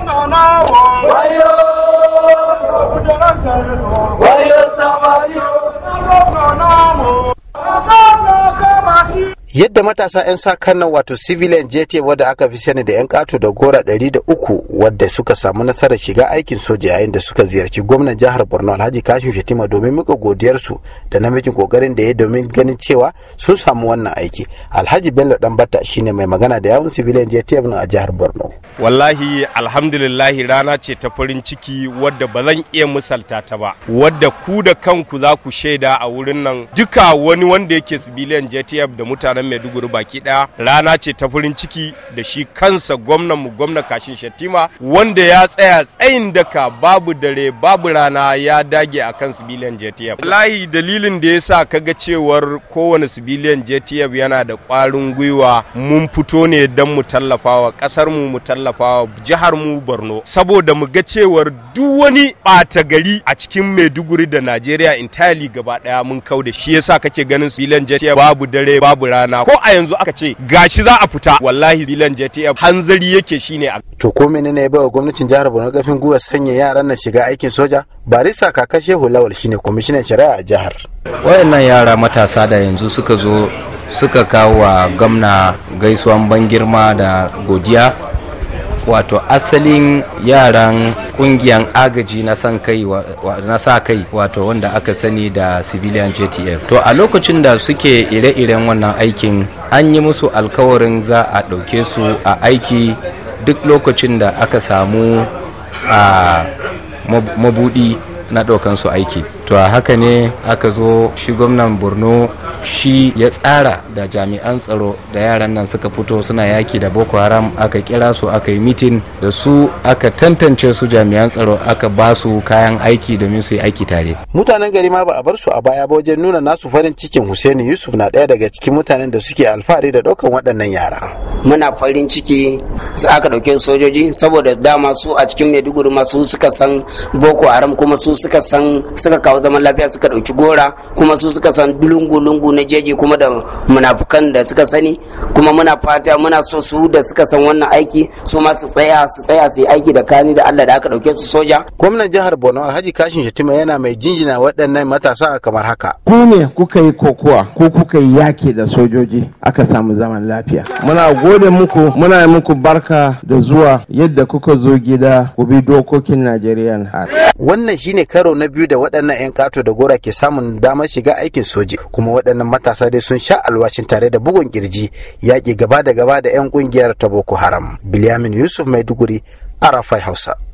No, no. yadda matasa 'yan sakan nan wato civilian jt wadda aka fi sani da 'yan kato da gora uku wadda suka samu nasarar shiga aikin soja yayin da suka ziyarci gwamnan jihar borno alhaji kashim shatima domin muka godiyarsu da namijin kokarin da ya domin ganin cewa sun samu wannan aiki alhaji bello dan bata shine mai magana da yawun civilian jt a jihar borno wallahi alhamdulillahi rana ce ta farin ciki wadda ba zan iya misalta ta ba wadda ku da kanku za ku shaida a wurin nan duka wani wanda yake civilian jtf da mutanen mutanen Maiduguri baki ɗaya rana ce ta farin ciki da shi kansa gwamnan mu gwamna Kashin Shattima wanda ya tsaya tsayin daka babu dare babu rana ya dage akan civilian JTF. Wallahi dalilin da yasa kaga cewar kowane sibiliyan JTF yana da ƙwarin gwiwa mun fito ne don mu tallafawa kasar mu mu tallafawa jihar mu Borno saboda mu ga cewar duk wani ɓata gari a cikin Maiduguri da Najeriya entirely gaba ɗaya mun kau da shi yasa kake ganin sibiliyan JTF babu dare babu rana ko a yanzu aka ce gashi za a fita wallahi bilan JTF hanzari yake shine a to ko menene ba gwamnatin jihar Borno kafin guwa sanya yaran na shiga aikin soja barisa kaka Shehu Lawal shine kwamishinan shari'a a jihar wayannan yara matasa da yanzu suka zo suka kawo wa gwamna gaisuwan ban girma da godiya wato asalin yaran kungiyan agaji na kai na sa kai wato wanda aka sani da civilian jtf to a lokacin da suke ire-iren wannan aikin an yi musu alkawarin za a ɗauke su a aiki duk lokacin da aka samu a mabudi na ɗaukan su aiki to a haka ne aka zo shi gwamnan borno shi ya tsara da jami'an tsaro da yaran nan suka fito suna yaki da boko haram aka kira su aka yi mitin da su aka tantance su jami'an tsaro aka ba su kayan aiki domin su yi aiki tare mutanen gari ma ba a bar su a baya ba wajen nuna nasu farin cikin husaini yusuf na ɗaya daga cikin mutanen da suke alfahari da ɗaukan waɗannan yara muna farin ciki su aka ɗauke sojoji saboda dama su a cikin maiduguri masu suka san boko haram kuma su suka san suka kawo zaman lafiya suka ɗauki gora kuma su suka san lungu-lungu na jeji kuma da munafukan da suka sani kuma muna fata muna so su da suka san wannan aiki su ma su tsaya su tsaya su yi aiki da kani da Allah da aka ɗauke su soja. Gwamnan jihar Borno Alhaji Kashin Shatima yana mai jinjina waɗannan matasa kamar haka. Ku ne kuka yi kokowa ko kuka yi yaki da sojoji aka samu zaman lafiya. Muna gode muku muna muku barka da zuwa yadda kuka zo gida ku bi dokokin Najeriya. Wannan shine karo na biyu da waɗannan 'yan 'yan kato da gora ke samun damar shiga aikin soji kuma waɗannan matasa dai sun sha alwashin tare da bugun kirji yaƙi gaba da gaba da 'yan ƙungiyar ta boko haram biliyamin yusuf maiduguri arafai hausa